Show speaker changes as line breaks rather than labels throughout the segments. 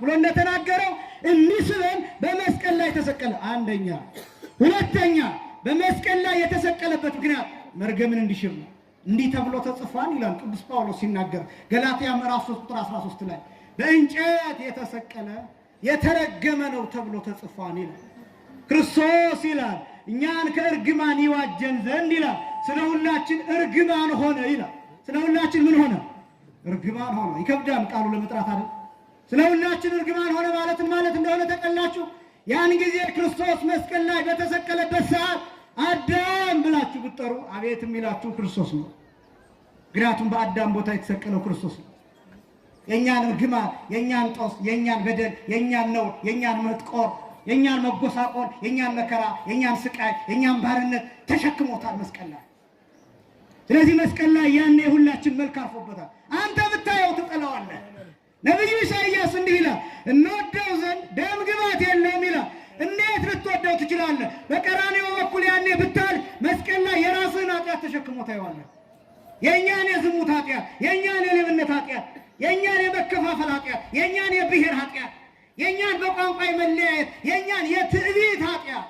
ብሎ እንደተናገረው እንዲስበን በመስቀል ላይ ተሰቀለ። አንደኛ። ሁለተኛ በመስቀል ላይ የተሰቀለበት ምክንያት መርገምን እንዲሽር ነው። እንዲህ ተብሎ ተጽፏል ይላል ቅዱስ ጳውሎስ ሲናገር ገላትያ ምዕራፍ 3 ቁጥር 13 ላይ በእንጨት የተሰቀለ የተረገመ ነው ተብሎ ተጽፏል ይላል ክርስቶስ ይላል እኛን ከእርግማን ይዋጀን ዘንድ ይላል። ስለ ሁላችን እርግማን ሆነ ይላል። ስለ ሁላችን ምን ሆነ? እርግማን ሆነ። ይከብዳል ቃሉ ለመጥራት አይደል? ስለ ሁላችን እርግማን ሆነ ማለትን ማለት እንደሆነ ተቀላችሁ። ያን ጊዜ ክርስቶስ መስቀል ላይ በተሰቀለበት ሰዓት አዳም ብላችሁ ብትጠሩ አቤት የሚላችሁ ክርስቶስ ነው። ምክንያቱም በአዳም ቦታ የተሰቀለው ክርስቶስ ነው። የእኛን እርግማን፣ የእኛን ጦስ፣ የእኛን በደል፣ የእኛን ነውር፣ የእኛን መጥቆር፣ የእኛን መጎሳቆል፣ የእኛን መከራ፣ የእኛን ስቃይ፣ የእኛን ባርነት ተሸክሞታል መስቀል ላይ። ስለዚህ መስቀል ላይ ያኔ ሁላችን መልክ አርፎበታል። አንተ ብታየው ትጠላዋለህ። ነቢዩ ኢሳያስ እንዲህ ይላል፣ እንወደው ዘንድ ደም ግባት የለውም ይላል። እንዴት ልትወደው ትችላለህ? በቀራኔው በኩል ያኔ ብታል መስቀል ላይ የራስህን ኃጢአት ተሸክሞ ታየዋለህ። የእኛን የዝሙት ኃጢአት፣ የእኛን የሌብነት ኃጢአት፣ የእኛን የመከፋፈል ኃጢአት፣ የእኛን የብሔር ኃጢአት፣ የእኛን በቋንቋ መለያየት፣ የእኛን የትዕቢት ኃጢአት፣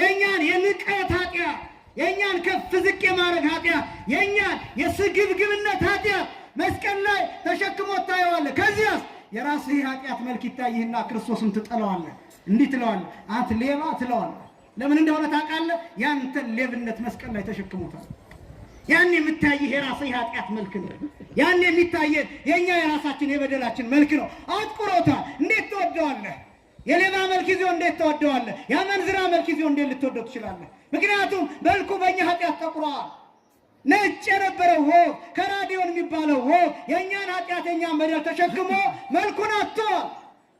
የእኛን የንቀት ኃጢአት፣ የእኛን ከፍ ዝቅ የማድረግ ኃጢአት፣ የእኛን የስግብግብነት ኃጢአት መስቀል ላይ ተሸክሞ ታየዋለህ። ከዚያስ የራስህ ኃጢአት መልክ ይታይህና ክርስቶስን ትጠለዋለህ። እንዲህ ትለዋለህ፣ አንተ ሌባ ትለዋለህ። ለምን እንደሆነ ታውቃለህ? ያንተን ሌብነት መስቀል ላይ ተሸክሞታል። ያን የምታይህ የራስህ ኃጢአት መልክ ነው። ያን የሚታየን የእኛ የራሳችን የበደላችን መልክ ነው። አጥቁሮታል። እንዴት ትወደዋለህ? የሌባ መልክ ይዞ እንዴት ትወደዋለህ? የአመንዝራ መልክ ይዞ እንዴት ልትወደው ትችላለህ? ምክንያቱም መልኩ በእኛ ኃጢአት ጠቁሯል። ነጭ የነበረው ወፍ ከራዲዮን የሚባለው ወፍ የእኛን ኃጢአተኛ መደር ተሸክሞ መልኩን አጥቷል።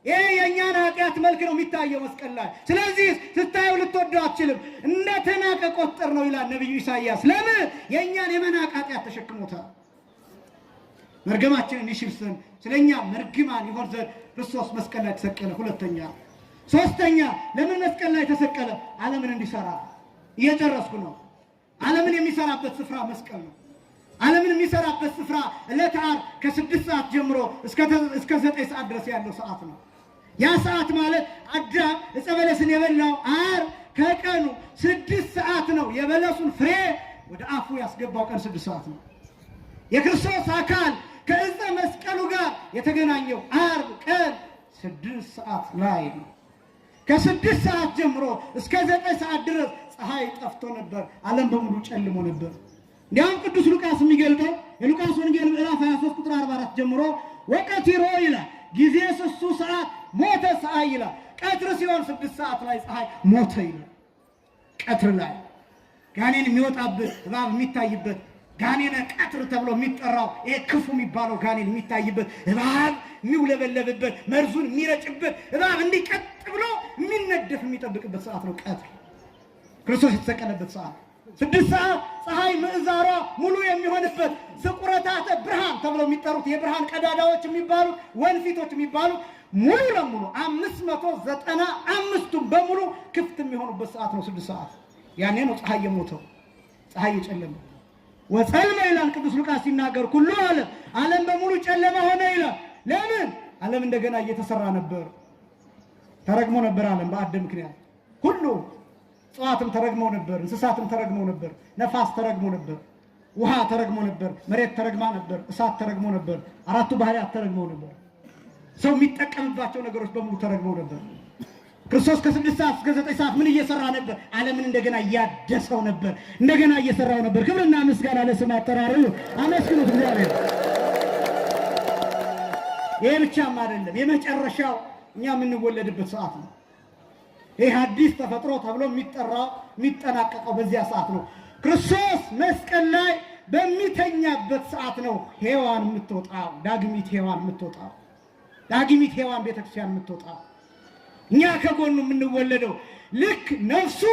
ይህ የእኛን ኃጢአት መልክ ነው የሚታየው መስቀል ላይ። ስለዚህ ስታየው ልትወደው አትችልም። እንደ ተናቀ ቆጠር ነው ይላል ነቢዩ ኢሳይያስ። ለምን የእኛን የመናቅ ኃጢአት ተሸክሞታል። መርገማችንን ይሽር ዘንድ ስለ እኛ መርግማን ይሆን ዘንድ ክርስቶስ መስቀል ላይ ተሰቀለ። ሁለተኛ ሶስተኛ፣ ለምን መስቀል ላይ ተሰቀለ? ዓለምን እንዲሰራ እየጨረስኩ ነው ዓለምን የሚሰራበት ስፍራ መስቀል ነው። ዓለምን የሚሰራበት ስፍራ ዕለተ ዓርብ ከስድስት ሰዓት ጀምሮ እስከ ዘጠኝ ሰዓት ድረስ ያለው ሰዓት ነው። ያ ሰዓት ማለት አዳም ዕፀ በለስን የበላው ዓርብ ከቀኑ ስድስት ሰዓት ነው። የበለሱን ፍሬ ወደ አፉ ያስገባው ቀን ስድስት ሰዓት ነው። የክርስቶስ አካል ከዕፀ መስቀሉ ጋር የተገናኘው ዓርብ ቀን ስድስት ሰዓት ላይ ነው። ከስድስት ሰዓት ጀምሮ እስከ ዘጠኝ ሰዓት ድረስ ፀሐይ ጠፍቶ ነበር፣ ዓለም በሙሉ ጨልሞ ነበር። እንዲያውም ቅዱስ ሉቃስ የሚገልጠው የሉቃስ ወንጌል ምዕራፍ 23 ቁጥር 44 ጀምሮ ወቀትሮ ይላል ጊዜ ስሱ ሰዓት ሞተ ፀሐይ ይላል። ቀትር ሲሆን ስድስት ሰዓት ላይ ፀሐይ ሞተ ይላል። ቀትር ላይ ጋኔን የሚወጣበት እባብ የሚታይበት ጋኔነ ቀትር ተብሎ የሚጠራው ይሄ ክፉ የሚባለው ጋኔን የሚታይበት እባብ የሚውለበለብበት መርዙን የሚረጭበት እባብ እንዲቀጥ ብሎ የሚነደፍ የሚጠብቅበት ሰዓት ነው ቀትር ክርስቶስ የተሰቀለበት ሰዓት ስድስት ሰዓት ፀሐይ ምዕዛሯ ሙሉ የሚሆንበት ስቁረታተ ብርሃን ተብሎ የሚጠሩት የብርሃን ቀዳዳዎች የሚባሉት ወንፊቶች የሚባሉት ሙሉ ለሙሉ አምስት መቶ ዘጠና አምስቱም በሙሉ ክፍት የሚሆኑበት ሰዓት ነው። ስድስት ሰዓት ያኔ ነው ፀሐይ የሞተው ፀሐይ የጨለመ ወፀልመ ይላል ቅዱስ ሉቃስ ሲናገር ሁሉ አለ ዓለም በሙሉ ጨለማ ሆነ ይላል። ለምን ዓለም እንደገና እየተሰራ ነበር፣ ተረግሞ ነበር ዓለም በአደ ምክንያት ሁሉ እጽዋትም ተረግመው ነበር፣ እንስሳትም ተረግመው ነበር፣ ነፋስ ተረግሞ ነበር፣ ውሃ ተረግሞ ነበር፣ መሬት ተረግማ ነበር፣ እሳት ተረግሞ ነበር፣ አራቱ ባህሪያት ተረግመው ነበር። ሰው የሚጠቀምባቸው ነገሮች በሙሉ ተረግመው ነበር። ክርስቶስ ከስድስት ሰዓት እስከ ዘጠኝ ሰዓት ምን እየሰራ ነበር? ዓለምን እንደገና እያደሰው ነበር፣ እንደገና እየሰራው ነበር። ክብርና ምስጋና ለስም አጠራሩ አመስግኑት እግዚአብሔር። ይሄ ብቻም አይደለም፣ የመጨረሻው እኛ የምንወለድበት ሰዓት ነው። ይህ አዲስ ተፈጥሮ ተብሎ የሚጠራው የሚጠናቀቀው በዚያ ሰዓት ነው። ክርስቶስ መስቀል ላይ በሚተኛበት ሰዓት ነው ሔዋን የምትወጣው፣ ዳግሚት ሔዋን የምትወጣው፣ ዳግሚት ሔዋን ቤተክርስቲያን የምትወጣው፣ እኛ ከጎኑ የምንወለደው ልክ ነፍሱ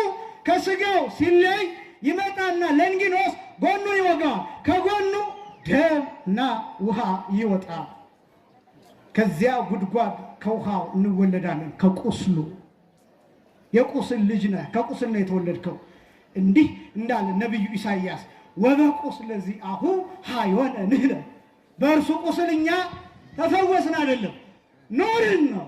ከስጋው ሲለይ ይመጣና ለንጊኖስ ጎኑን ይወጋዋል። ከጎኑ ደምና ውሃ ይወጣል። ከዚያ ጉድጓድ ከውሃው እንወለዳለን ከቁስሉ የቁስል ልጅ ነህ፣ ከቁስል ነው የተወለድከው። እንዲህ እንዳለ ነቢዩ ኢሳይያስ ለዚህ አሁ ሀዮነ ንህለ በእርሱ ቁስል እኛ ተፈወስን አይደለም ኖርን ነው።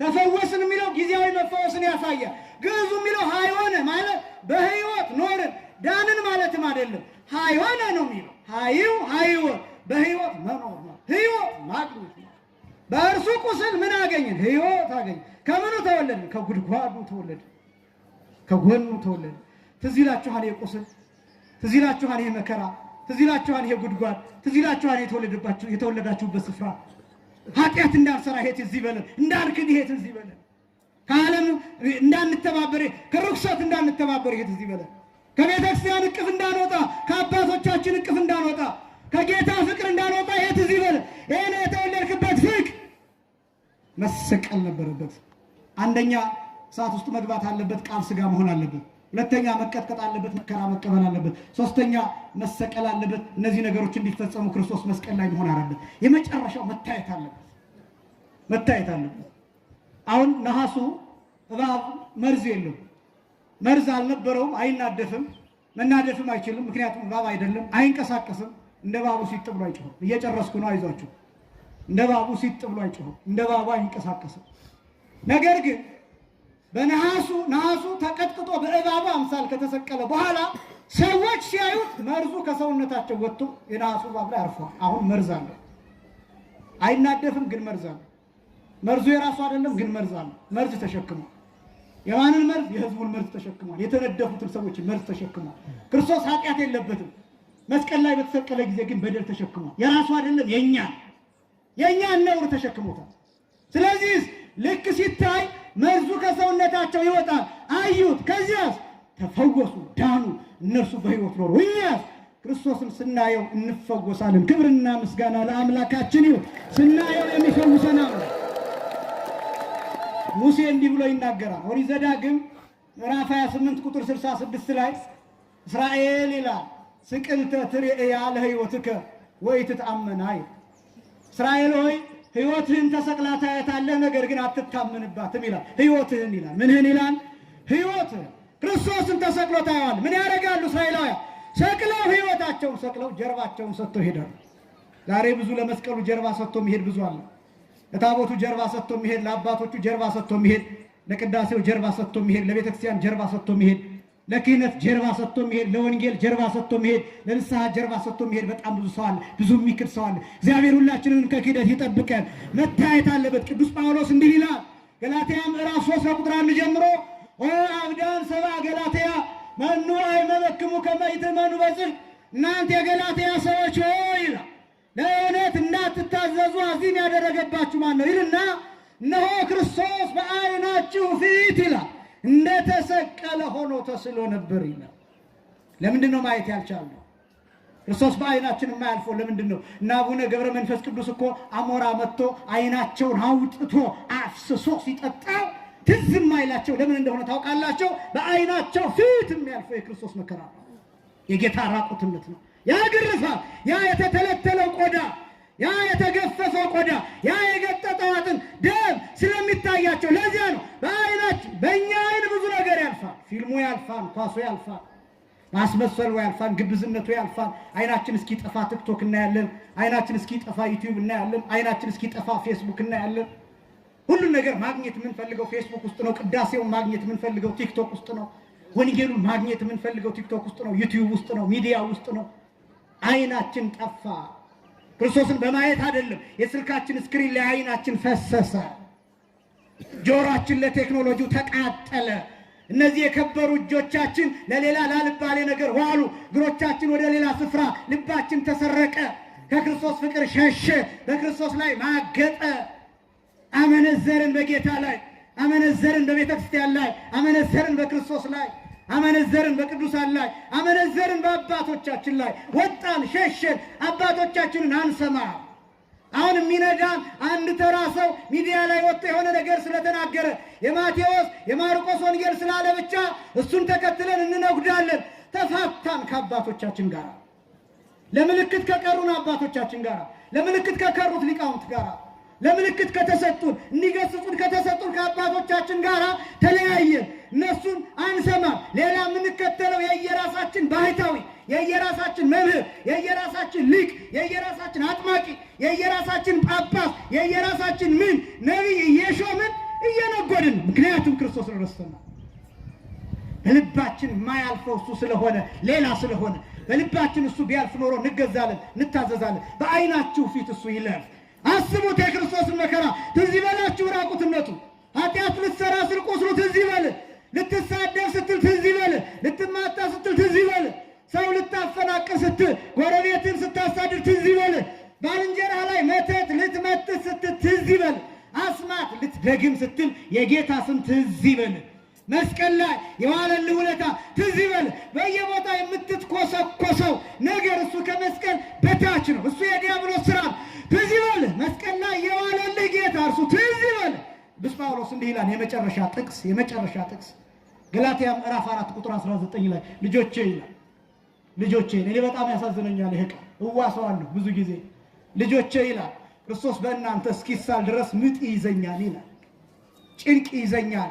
ተፈወስን የሚለው ጊዜያዊ መፈወስን ያሳያል። ግዕዙ የሚለው ሀዮነ ማለት በህይወት ኖርን ዳንን ማለትም አይደለም። ሀዮነ ነው የሚለው ሀይው ሀይወት በህይወት መኖር ነው፣ ህይወት ማግኘት ነው። በእርሱ ቁስል ምን አገኘን? ህይወት አገኘ። ከምኑ ተወለድን? ከጉድጓዱ ተወለድ፣ ከጎኑ ተወለድ። ትዝ ይላችኋል ይሄ ቁስል፣ ትዝ ይላችኋል ይሄ መከራ፣ ትዝ ይላችኋል ይሄ ጉድጓድ፣ ትዝ ይላችኋል የተወለዳችሁበት ስፍራ። ኃጢአት እንዳንሰራ ይሄት እዚህ በለን፣ እንዳንክድ ሄት እዚህ በለን፣ ከዓለም እንዳንተባበር፣ ከርኩሰት እንዳንተባበር ሄት እዚህ በለን፣ ከቤተ ክርስቲያን እቅፍ እንዳንወጣ፣ ከአባቶቻችን እቅፍ እንዳንወጣ፣ ከጌታ ፍቅር እንዳንወጣ ሄት እዚህ በለን። ይህን የተወለድክ መሰቀል ነበረበት። አንደኛ እሳት ውስጥ መግባት አለበት፣ ቃል ስጋ መሆን አለበት። ሁለተኛ መቀጥቀጥ አለበት፣ መከራ መቀበል አለበት። ሶስተኛ መሰቀል አለበት። እነዚህ ነገሮች እንዲፈጸሙ ክርስቶስ መስቀል ላይ መሆን አለበት። የመጨረሻው መታየት አለበት፣ መታየት አለበት። አሁን ነሐሱ እባብ መርዝ የለው፣ መርዝ አልነበረውም፣ አይናደፍም፣ መናደፍም አይችልም። ምክንያቱም እባብ አይደለም፣ አይንቀሳቀስም። እንደ እባቡ ሲጥ ብሎ አይጮህም። እየጨረስኩ ነው፣ አይዟችሁ እንደ ባቡ ሲጥ ብሎ አይጮህም፣ እንደ ባቡ አይንቀሳቀስም። ነገር ግን በነሐሱ ነሐሱ ተቀጥቅጦ በእባቡ አምሳል ከተሰቀለ በኋላ ሰዎች ሲያዩት መርዙ ከሰውነታቸው ወጥቶ የነሐሱ እባብ ላይ አርፏል። አሁን መርዝ አለ። አይናደፍም፣ ግን መርዝ አለው። መርዙ የራሱ አይደለም፣ ግን መርዝ አለ መርዝ ተሸክሟል። የማንን መርዝ? የህዝቡን መርዝ ተሸክሟል። የተነደፉትን ሰዎች መርዝ ተሸክሟል። ክርስቶስ ኃጢአት የለበትም። መስቀል ላይ በተሰቀለ ጊዜ ግን በደል ተሸክሟል። የራሱ አይደለም፣ የእኛ የኛ ነውር ተሸክሞታል። ስለዚህ ልክ ሲታይ መርዙ ከሰውነታቸው ይወጣል። አዩት፣ ከዚያስ ተፈወሱ፣ ዳኑ። እነርሱ በሕይወት ኖሩ። እኛስ ክርስቶስን ስናየው እንፈወሳለን። ክብርና ምስጋና ለአምላካችን ይሁን። ስናየው የሚፈውሰን ሙሴ እንዲህ ብሎ ይናገራል። ኦሪት ዘዳግም ምዕራፍ 28 ቁጥር 66 ላይ እስራኤል ይላል ስቅልተ ትርእያ ለሕይወትከ ወኢትትአመና ይላል እስራኤል ሆይ ሕይወትህን ተሰቅላ ታያታለህ፣ ነገር ግን አትታመንባትም ይላል። ሕይወትህን ይላል። ምንህን ይላል? ሕይወትህን ክርስቶስን ተሰቅሎ ታየዋል። ምን ያደርጋሉ እስራኤላውያን? ሰቅለው ሕይወታቸውን ሰቅለው ጀርባቸውን ሰጥተው ሄደሉ። ዛሬ ብዙ ለመስቀሉ ጀርባ ሰጥቶ ሚሄድ ብዙ አለ። ለታቦቱ ጀርባ ሰጥቶ መሄድ፣ ለአባቶቹ ጀርባ ሰጥቶ ሚሄድ ለቅዳሴው ጀርባ ሰጥቶ መሄድ፣ ለቤተክርስቲያን ጀርባ ሰጥቶ ሚሄድ። ለክህነት ጀርባ ሰጥቶ መሄድ፣ ለወንጌል ጀርባ ሰጥቶ መሄድ፣ ለንስሐ ጀርባ ሰጥቶ መሄድ በጣም ብዙ ሰዋል፣ ብዙ የሚክድ ሰዋል። እግዚአብሔር ሁላችንን ከክህደት ይጠብቀን። መታየት አለበት። ቅዱስ ጳውሎስ እንዲህ ይላል ገላትያ ምዕራፍ 3 ከቁጥር 1 ጀምሮ ኦ አብዳን ሰባ ገላትያ መኑ አይመበክሙ ከመይትመኑ በዝህ እናንተ የገላትያ ሰዎች ሆይ ይላል ለእውነት እንዳትታዘዙ አዚም ያደረገባችሁ ማን ነው ይልና እነሆ ክርስቶስ በዓይናችሁ ፊት ይላል እንደተሰቀለ ሆኖ ተስሎ ነበር ይላል። ለምንድን ነው ማየት ያልቻልነው? ክርስቶስ በአይናችን የማያልፈው ለምንድን ነው? እና አቡነ ገብረ መንፈስ ቅዱስ እኮ አሞራ መጥቶ አይናቸውን አውጥቶ አፍስሶ ሲጠጣው ትዝ የማይላቸው ለምን እንደሆነ ታውቃላቸው? በአይናቸው ፊት የሚያልፈው የክርስቶስ መከራ ነው፣ የጌታ ራቁትነት ነው። ያ ግርፋት፣ ያ የተተለተለው ቆዳ፣ ያ የተገፈፈው ቆዳ፣ ያ የገጠጠው ደም ስለሚታያቸው ለዚያ ነው በአይናችን በእኛ ህልሙ ያልፋል፣ ኳሶ ያልፋል፣ ማስመሰሉ ያልፋል፣ ግብዝነቱ ያልፋል። አይናችን እስኪ ጠፋ ቲክቶክ እናያለን። አይናችን እስኪ ጠፋ ዩቲዩብ እናያለን። አይናችን እስኪ ጠፋ ፌስቡክ እናያለን። ሁሉን ነገር ማግኘት የምንፈልገው ፌስቡክ ውስጥ ነው። ቅዳሴውን ማግኘት የምንፈልገው ቲክቶክ ውስጥ ነው። ወንጌሉን ማግኘት የምንፈልገው ቲክቶክ ውስጥ ነው፣ ዩቲዩብ ውስጥ ነው፣ ሚዲያ ውስጥ ነው። አይናችን ጠፋ። ክርስቶስን በማየት አይደለም። የስልካችን ስክሪን ላይ አይናችን ፈሰሰ። ጆሮአችን ለቴክኖሎጂው ተቃጠለ። እነዚህ የከበሩ እጆቻችን ለሌላ ላልባሌ ነገር ዋሉ። እግሮቻችን ወደ ሌላ ስፍራ፣ ልባችን ተሰረቀ፣ ከክርስቶስ ፍቅር ሸሸ፣ በክርስቶስ ላይ ማገጠ። አመነዘርን በጌታ ላይ፣ አመነዘርን በቤተ ክርስቲያን ላይ፣ አመነዘርን በክርስቶስ ላይ፣ አመነዘርን በቅዱሳን ላይ፣ አመነዘርን በአባቶቻችን ላይ። ወጣን፣ ሸሸን። አባቶቻችንን አንሰማ አሁን የሚነዳ አንድ ተራ ሰው ሚዲያ ላይ ወጥቶ የሆነ ነገር ስለተናገረ የማቴዎስ የማርቆስ ወንጌል ስላለ ብቻ እሱን ተከትለን እንነጉዳለን። ተፋታን ከአባቶቻችን ጋር ለምልክት ከቀሩን አባቶቻችን ጋር ለምልክት ከቀሩት ሊቃውንት ጋር ለምልክት ከተሰጡን እንዲገስጹን ከተሰጡን ከአባቶቻችን ጋር ተለያየን። እነሱን አንሰማ። ሌላ የምንከተለው የየራሳችን ባህታዊ፣ የየራሳችን መምህር፣ የየራሳችን ሊቅ፣ የየራሳችን አጥማቂ የየራሳችን ጳጳስ የየራሳችን ምን ነቢይ እየሾምን እየነጎድን፣ ምክንያቱም ክርስቶስን ረስተናል። በልባችን የማያልፈው እሱ ስለሆነ ሌላ ስለሆነ በልባችን እሱ ቢያልፍ ኖሮ እንገዛለን፣ እንታዘዛለን። በአይናችሁ ፊት እሱ ይለፍ። አስቡት የክርስቶስን መከራ። ትዝ ይበላችሁ ራቁትነቱ። ኃጢአት ልትሰራ ስል ቁስሉ ትዝ ይበል። ልትሳደብ ስትል ትዝ ይበል። ልትማታ ስትል ትዝ ይበል። ሰው ልታፈናቅር ስትል ደግም ስትል የጌታ ስም ትዝ ይበል። መስቀል ላይ የዋለልህ ውለታ ትዝ ይበል። በየቦታ የምትትኮሰኮሰው ነገር እሱ ከመስቀል በታች ነው። እሱ የዲያብሎስ ስራ ትዝ ይበል። መስቀል ላይ የዋለልህ ጌታ እርሱ ትዝ ይበል። ቅዱስ ጳውሎስ እንዲህ ይላል። የመጨረሻ ጥቅስ የመጨረሻ ጥቅስ ገላትያ ምዕራፍ 4 ቁጥር 19 ላይ ልጆቼ ይላል ልጆቼ እኔ በጣም ያሳዝነኛል ይሄ ቃል እዋሰዋለሁ ብዙ ጊዜ ልጆቼ ይላል ክርስቶስ በእናንተ እስኪሳል ድረስ ምጥ ይዘኛል ይላል ጭንቅ ይዘኛል።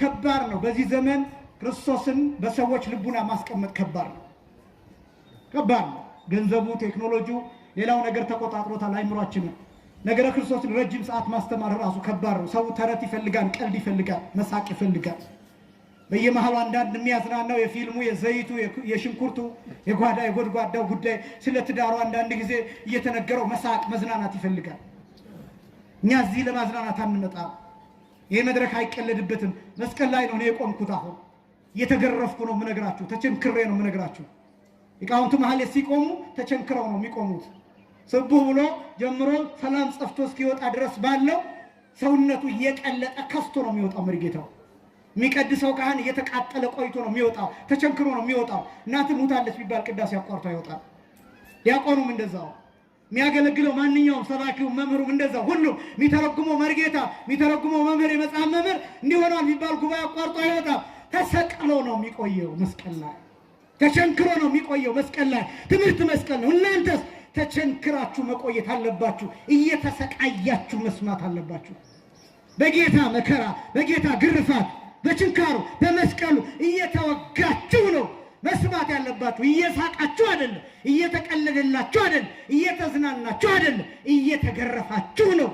ከባድ ነው። በዚህ ዘመን ክርስቶስን በሰዎች ልቡና ማስቀመጥ ከባድ ነው፣ ከባድ ነው። ገንዘቡ፣ ቴክኖሎጂው፣ ሌላው ነገር ተቆጣጥሮታል አይምሯችንን። ነገረ ክርስቶስን ረጅም ሰዓት ማስተማር ራሱ ከባድ ነው። ሰው ተረት ይፈልጋል፣ ቀልድ ይፈልጋል፣ መሳቅ ይፈልጋል። በየመሃሉ አንዳንድ የሚያዝናናው የፊልሙ፣ የዘይቱ፣ የሽንኩርቱ፣ የጓዳ የጎድጓዳው ጉዳይ ስለ ትዳሩ አንዳንድ ጊዜ እየተነገረው መሳቅ መዝናናት ይፈልጋል። እኛ እዚህ ለማዝናናት አንመጣም። ይህ መድረክ አይቀለድበትም። መስቀል ላይ ነው እኔ የቆምኩት። አሁን እየተገረፍኩ ነው የምነግራችሁ፣ ተቸንክሬ ነው የምነግራችሁ። ሊቃውንቱ መሀል ሲቆሙ ተቸንክረው ነው የሚቆሙት። ስቡህ ብሎ ጀምሮ ሰላም ጸፍቶ እስኪወጣ ድረስ ባለው ሰውነቱ እየቀለጠ ከስቶ ነው የሚወጣው። መሪጌታው የሚቀድሰው ካህን እየተቃጠለ ቆይቶ ነው የሚወጣው፣ ተቸንክሮ ነው የሚወጣው። እናትም ሙታለች ቢባል ቅዳሴ አቋርቶ ይወጣል ዲያቆኑም እንደዛው የሚያገለግለው ማንኛውም ሰባኪው፣ መምህሩም እንደዛ ሁሉም የሚተረጉመው መርጌታ፣ የሚተረጉመው መምህር፣ የመጽሐፍ መምህር እንዲሆናል የሚባል ጉባኤ አቋርጦ አይወጣ። ተሰቅሎ ነው የሚቆየው መስቀል ላይ ተቸንክሮ ነው የሚቆየው መስቀል ላይ። ትምህርት መስቀል ነው። እናንተስ ተቸንክራችሁ መቆየት አለባችሁ። እየተሰቃያችሁ መስማት አለባችሁ። በጌታ መከራ፣ በጌታ ግርፋት፣ በችንካሩ፣ በመስቀሉ እየተወጋችሁ ነው መስማት ያለባችሁ እየሳቃችሁ አይደለም፣ እየተቀለደላችሁ አይደለም፣ እየተዝናናችሁ አይደለም፣ እየተገረፋችሁ ነው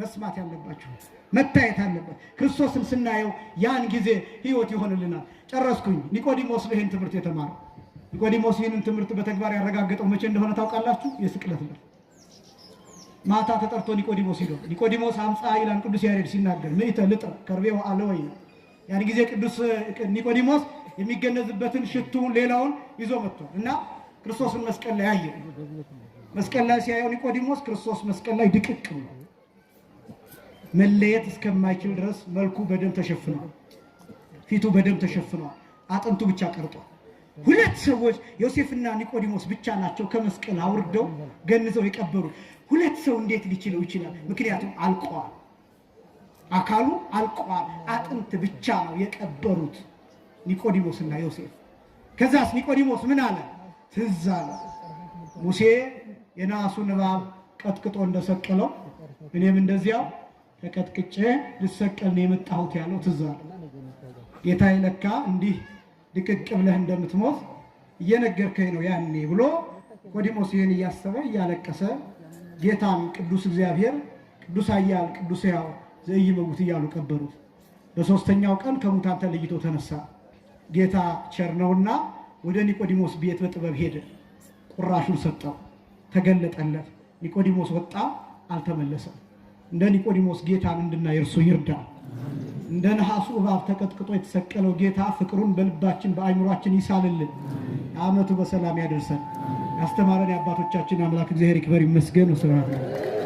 መስማት ያለባችሁ መታየት አለበት። ክርስቶስን ስናየው ያን ጊዜ ህይወት ይሆንልናል። ጨረስኩኝ። ኒቆዲሞስ ነው ይህን ትምህርት የተማረው። ኒቆዲሞስ ይህንን ትምህርት በተግባር ያረጋገጠው መቼ እንደሆነ ታውቃላችሁ? የስቅለት ነው። ማታ ተጠርቶ ኒቆዲሞስ ሄዶ ኒቆዲሞስ አምፃ ይላል ቅዱስ ያሬድ ሲናገር ምዕተ ልጥር ከርቤ ወአለወ ያን ጊዜ ቅዱስ ኒቆዲሞስ የሚገነዝበትን ሽቱ ሌላውን ይዞ መጥቷል እና ክርስቶስን መስቀል ላይ አየው። መስቀል ላይ ሲያየው ኒቆዲሞስ ክርስቶስ መስቀል ላይ ድቅቅ ነው። መለየት እስከማይችል ድረስ መልኩ በደም ተሸፍኗል፣ ፊቱ በደም ተሸፍኗል፣ አጥንቱ ብቻ ቀርጧል። ሁለት ሰዎች ዮሴፍና ኒቆዲሞስ ብቻ ናቸው ከመስቀል አውርደው ገንዘው የቀበሩ። ሁለት ሰው እንዴት ሊችለው ይችላል? ምክንያቱም አልቀዋል። አካሉ አልቋል፣ አጥንት ብቻ ነው የቀበሩት ኒቆዲሞስና ዮሴፍ። ከዛስ ኒቆዲሞስ ምን አለ? ትዝ አለ ሙሴ የነሐሱን እባብ ቀጥቅጦ እንደሰቀለው እኔም እንደዚያው ተቀጥቅጬ ልሰቀል ነው የመጣሁት ያለው ትዝ አለ። ጌታ ለካ እንዲህ ድቅቅ ብለህ እንደምትሞት እየነገርከኝ ነው ያኔ ብሎ ኒቆዲሞስ ይህን እያሰበ እያለቀሰ ጌታን ቅዱስ እግዚአብሔር ቅዱስ አያል ቅዱስ ያው ዘኢይመውት እያሉ ቀበሩት። በሶስተኛው ቀን ከሙታን ተለይቶ ተነሳ። ጌታ ቸር ነውና ወደ ኒቆዲሞስ ቤት በጥበብ ሄደ። ቁራሹን ሰጠው፣ ተገለጠለት። ኒቆዲሞስ ወጣ፣ አልተመለሰም። እንደ ኒቆዲሞስ ጌታን እንድናይ እርሱ ይርዳ። እንደ ነሐሱ እባብ ተቀጥቅጦ የተሰቀለው ጌታ ፍቅሩን በልባችን በአይምሯችን ይሳልልን። አመቱ በሰላም ያደርሰን። ያስተማረን የአባቶቻችን አምላክ እግዚአብሔር ይክበር ይመስገን። ስብሐት